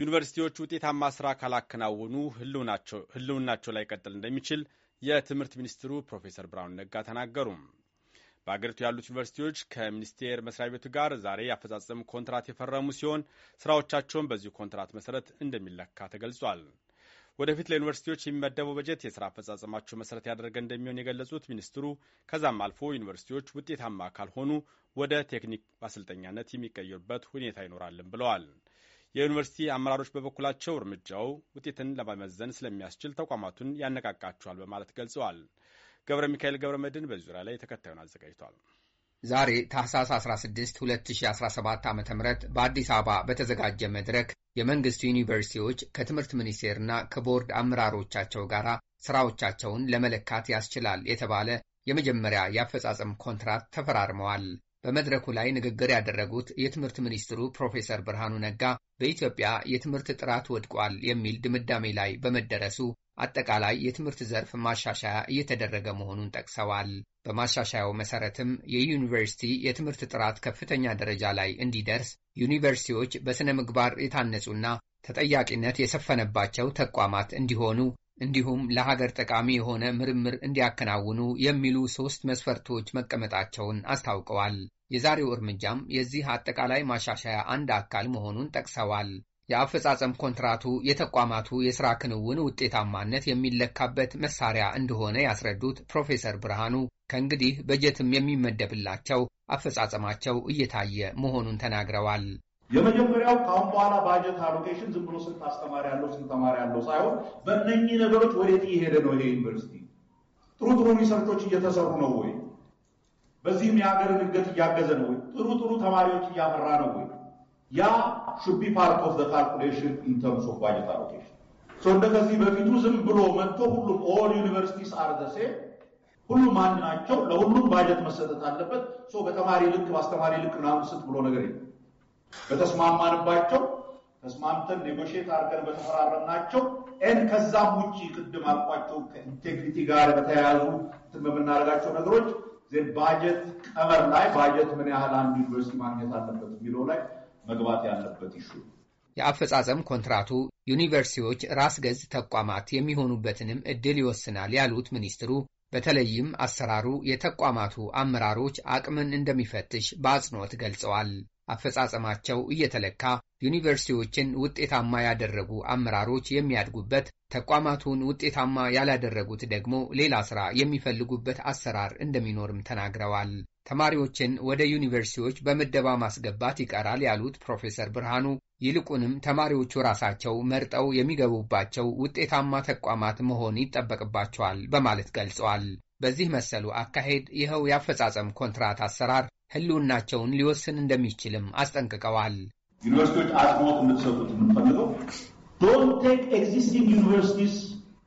ዩኒቨርሲቲዎች ውጤታማ ስራ ካላከናወኑ ህልውናቸው ላይ ቀጥል እንደሚችል የትምህርት ሚኒስትሩ ፕሮፌሰር ብርሃኑ ነጋ ተናገሩ። በአገሪቱ ያሉት ዩኒቨርሲቲዎች ከሚኒስቴር መስሪያ ቤቱ ጋር ዛሬ ያፈጻጸሙ ኮንትራት የፈረሙ ሲሆን ስራዎቻቸውን በዚሁ ኮንትራት መሰረት እንደሚለካ ተገልጿል። ወደፊት ለዩኒቨርሲቲዎች የሚመደበው በጀት የስራ አፈጻጸማቸው መሰረት ያደረገ እንደሚሆን የገለጹት ሚኒስትሩ ከዛም አልፎ ዩኒቨርሲቲዎች ውጤታማ ካልሆኑ ወደ ቴክኒክ ማሰልጠኛነት የሚቀየሩበት ሁኔታ ይኖራልን ብለዋል። የዩኒቨርሲቲ አመራሮች በበኩላቸው እርምጃው ውጤትን ለመመዘን ስለሚያስችል ተቋማቱን ያነቃቃቸዋል በማለት ገልጸዋል። ገብረ ሚካኤል ገብረ መድን በዚህ ዙሪያ ላይ ተከታዩን አዘጋጅቷል። ዛሬ ታህሳስ 16 2017 ዓ ም በአዲስ አበባ በተዘጋጀ መድረክ የመንግስት ዩኒቨርሲቲዎች ከትምህርት ሚኒስቴርና ከቦርድ አመራሮቻቸው ጋር ስራዎቻቸውን ለመለካት ያስችላል የተባለ የመጀመሪያ የአፈጻጸም ኮንትራት ተፈራርመዋል። በመድረኩ ላይ ንግግር ያደረጉት የትምህርት ሚኒስትሩ ፕሮፌሰር ብርሃኑ ነጋ በኢትዮጵያ የትምህርት ጥራት ወድቋል የሚል ድምዳሜ ላይ በመደረሱ አጠቃላይ የትምህርት ዘርፍ ማሻሻያ እየተደረገ መሆኑን ጠቅሰዋል። በማሻሻያው መሰረትም የዩኒቨርሲቲ የትምህርት ጥራት ከፍተኛ ደረጃ ላይ እንዲደርስ ዩኒቨርሲቲዎች በሥነ ምግባር የታነጹና ተጠያቂነት የሰፈነባቸው ተቋማት እንዲሆኑ እንዲሁም ለሀገር ጠቃሚ የሆነ ምርምር እንዲያከናውኑ የሚሉ ሦስት መስፈርቶች መቀመጣቸውን አስታውቀዋል። የዛሬው እርምጃም የዚህ አጠቃላይ ማሻሻያ አንድ አካል መሆኑን ጠቅሰዋል። የአፈጻጸም ኮንትራቱ የተቋማቱ የሥራ ክንውን ውጤታማነት የሚለካበት መሳሪያ እንደሆነ ያስረዱት ፕሮፌሰር ብርሃኑ ከእንግዲህ በጀትም የሚመደብላቸው አፈጻጸማቸው እየታየ መሆኑን ተናግረዋል። የመጀመሪያው ከአሁን በኋላ ባጀት አሎኬሽን ዝም ብሎ ስንት አስተማሪ ያለው ስንት ተማሪ ያለው ሳይሆን በእነኚህ ነገሮች ወዴት እየሄደ ነው ይሄ ዩኒቨርሲቲ ጥሩ ጥሩ ሪሰርቾች እየተሰሩ ነው ወይ በዚህም የሀገርን እድገት እያገዘ ነው ወይ? ጥሩ ጥሩ ተማሪዎች እያፈራ ነው ወይ? ያ ሹቢ ፓርት ኦፍ ዘ ካልኩሌሽን ኢን ተርምስ ኦፍ ባጀት አሎኬሽን። ሶ እንደከዚህ በፊቱ ዝም ብሎ መጥቶ ሁሉም ኦል ዩኒቨርሲቲስ አር ዘ ሴም ሁሉም አንድ ናቸው፣ ለሁሉም ባጀት መሰጠት አለበት፣ ሶ በተማሪ ልክ በአስተማሪ ልክ ምናምን ስት ብሎ ነገር የለም። በተስማማንባቸው ተስማምተን ኔጎሼት አድርገን በተፈራረናቸው ኤን ከዛም ውጭ ቅድም አልኳቸው ከኢንቴግሪቲ ጋር በተያያዙ እንትን በምናደርጋቸው ነገሮች ባጀት ቀመር ላይ ባጀት ምን ያህል አንድ ዩኒቨርሲቲ ማግኘት አለበት የሚለው ላይ መግባት ያለበት ይሹ የአፈጻጸም ኮንትራቱ ዩኒቨርሲቲዎች ራስ ገዝ ተቋማት የሚሆኑበትንም እድል ይወስናል ያሉት ሚኒስትሩ በተለይም አሰራሩ የተቋማቱ አመራሮች አቅምን እንደሚፈትሽ በአጽንኦት ገልጸዋል። አፈጻጸማቸው እየተለካ ዩኒቨርሲቲዎችን ውጤታማ ያደረጉ አመራሮች የሚያድጉበት፣ ተቋማቱን ውጤታማ ያላደረጉት ደግሞ ሌላ ስራ የሚፈልጉበት አሰራር እንደሚኖርም ተናግረዋል። ተማሪዎችን ወደ ዩኒቨርሲቲዎች በምደባ ማስገባት ይቀራል ያሉት ፕሮፌሰር ብርሃኑ ይልቁንም ተማሪዎቹ ራሳቸው መርጠው የሚገቡባቸው ውጤታማ ተቋማት መሆን ይጠበቅባቸዋል በማለት ገልጸዋል። በዚህ መሰሉ አካሄድ ይኸው የአፈጻጸም ኮንትራት አሰራር ሕልውናቸውን ሊወስን እንደሚችልም አስጠንቅቀዋል። ዩኒቨርሲቲዎች አጽንኦት እንድትሰጡት የምንፈልገው ዶንት ቴክ ኤግዚስቲንግ ዩኒቨርሲቲስ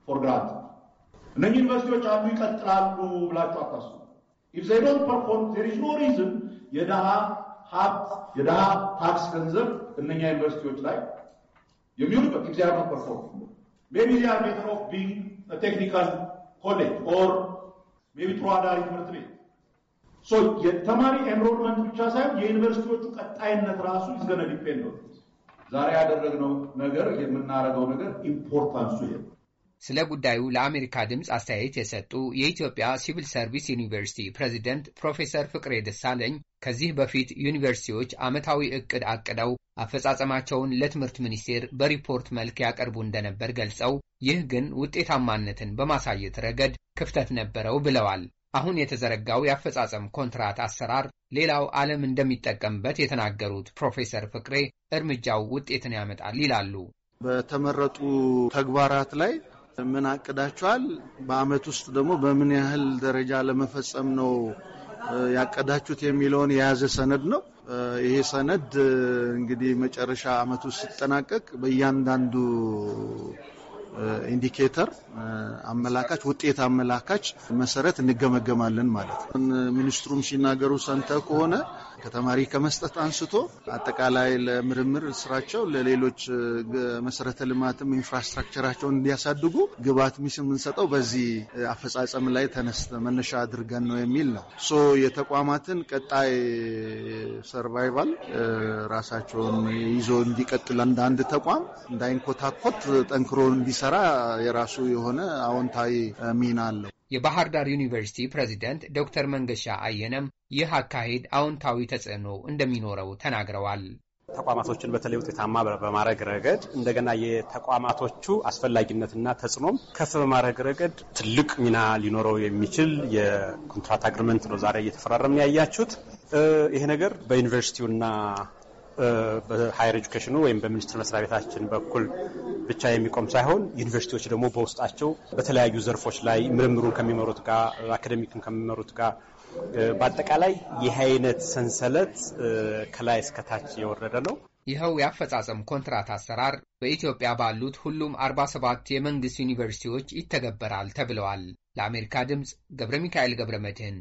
ፎር ግራንት። እነዚህ ዩኒቨርሲቲዎች አሉ ይቀጥላሉ ብላችሁ አታስቡ። ኢፍ ዘይ ዶንት ፐርፎርም ዜር ኢዝ ኖ ሪዝን የድሃ ሀብት የድሃ ታክስ ገንዘብ እነኛ ዩኒቨርሲቲዎች ላይ የሚውልበት እግዚአብሔር ፐርፎርም ሜቢ ዚ አር ቤተር ኦፍ ቢንግ ቴክኒካል ኮሌጅ ኦር ሜቢ ጥሩ አዳሪ ትምህርት ቤት የተማሪ ኤንሮልመንት ብቻ ሳይሆን የዩኒቨርሲቲዎቹ ቀጣይነት ራሱ ይዘነ ዲፔንድ ነው። ዛሬ ያደረግነው ነገር የምናደርገው ነገር ኢምፖርታንሱ ይሄ ስለ ጉዳዩ ለአሜሪካ ድምፅ አስተያየት የሰጡ የኢትዮጵያ ሲቪል ሰርቪስ ዩኒቨርሲቲ ፕሬዚደንት ፕሮፌሰር ፍቅሬ ደሳለኝ ከዚህ በፊት ዩኒቨርሲቲዎች ዓመታዊ ዕቅድ አቅደው አፈጻጸማቸውን ለትምህርት ሚኒስቴር በሪፖርት መልክ ያቀርቡ እንደነበር ገልጸው ይህ ግን ውጤታማነትን በማሳየት ረገድ ክፍተት ነበረው ብለዋል። አሁን የተዘረጋው የአፈጻጸም ኮንትራት አሰራር ሌላው ዓለም እንደሚጠቀምበት የተናገሩት ፕሮፌሰር ፍቅሬ እርምጃው ውጤትን ያመጣል ይላሉ። በተመረጡ ተግባራት ላይ ምን አቅዳችኋል? በአመት ውስጥ ደግሞ በምን ያህል ደረጃ ለመፈጸም ነው ያቀዳችሁት የሚለውን የያዘ ሰነድ ነው። ይሄ ሰነድ እንግዲህ መጨረሻ ዓመቱ ሲጠናቀቅ በእያንዳንዱ ኢንዲኬተር uh, uh, አመላካች ውጤት አመላካች መሰረት እንገመገማለን ማለት ነው። uh, ሚኒስትሩም ሲናገሩ ሰንተ ከሆነ ከተማሪ ከመስጠት አንስቶ አጠቃላይ ለምርምር ስራቸው ለሌሎች መሰረተ ልማትም ኢንፍራስትራክቸራቸውን እንዲያሳድጉ ግብዓት ሚስ የምንሰጠው በዚህ አፈጻጸም ላይ ተነስተ መነሻ አድርገን ነው የሚል ነው። ሶ የተቋማትን ቀጣይ ሰርቫይቫል ራሳቸውን ይዞ እንዲቀጥል አንድ ተቋም እንዳይንኮታኮት ጠንክሮ እንዲሰ ሲሰራ የራሱ የሆነ አዎንታዊ ሚና አለው። የባህር ዳር ዩኒቨርሲቲ ፕሬዚደንት ዶክተር መንገሻ አየነም ይህ አካሄድ አዎንታዊ ተጽዕኖ እንደሚኖረው ተናግረዋል። ተቋማቶችን በተለይ ውጤታማ በማድረግ ረገድ እንደገና የተቋማቶቹ አስፈላጊነትና ተጽዕኖም ከፍ በማድረግ ረገድ ትልቅ ሚና ሊኖረው የሚችል የኮንትራት አግሪመንት ነው ዛሬ እየተፈራረምን ያያችሁት። ይሄ ነገር በዩኒቨርሲቲውና በሀየር ኤጁኬሽኑ ወይም በሚኒስቴር መስሪያ ቤታችን በኩል ብቻ የሚቆም ሳይሆን ዩኒቨርሲቲዎች ደግሞ በውስጣቸው በተለያዩ ዘርፎች ላይ ምርምሩን ከሚመሩት ጋር አካደሚክን ከሚመሩት ጋር በአጠቃላይ ይህ አይነት ሰንሰለት ከላይ እስከታች የወረደ ነው። ይኸው የአፈጻጸም ኮንትራት አሰራር በኢትዮጵያ ባሉት ሁሉም 47 የመንግስት ዩኒቨርሲቲዎች ይተገበራል ተብለዋል። ለአሜሪካ ድምፅ ገብረ ሚካኤል ገብረ መድህን